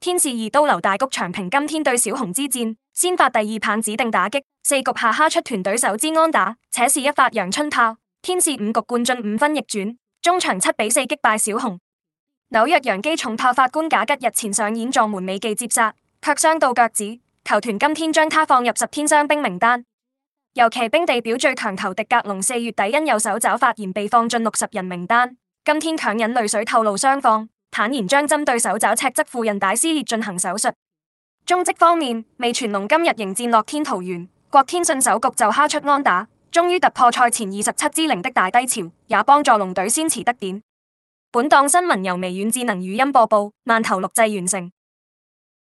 天使二刀流大谷翔平今天對小熊之戰，先發第二棒指定打擊，四局下哈，敲出團隊首支安打，且是一發陽春炮。天使五局灌進五分逆轉，終場七比四擊敗小熊。紐約洋基重炮法官賈吉日前上演撞門美技接殺，卻傷到腳趾，球團今天將他放入十天傷兵名單。遊騎兵地表最強投迪格隆，四月底因右手爪發炎被放進六十人名單，今天強忍淚水透露傷況。坦言將針對手肘尺側副韌帶撕裂進行手術。中職方面，未全龍今日迎戰樂天桃園，郭天信首局就敲出安打，終於突破賽前二十七支零的大低潮，也幫助龍隊先持得點。本檔新聞由微軟智能語音播報，慢投錄製完成。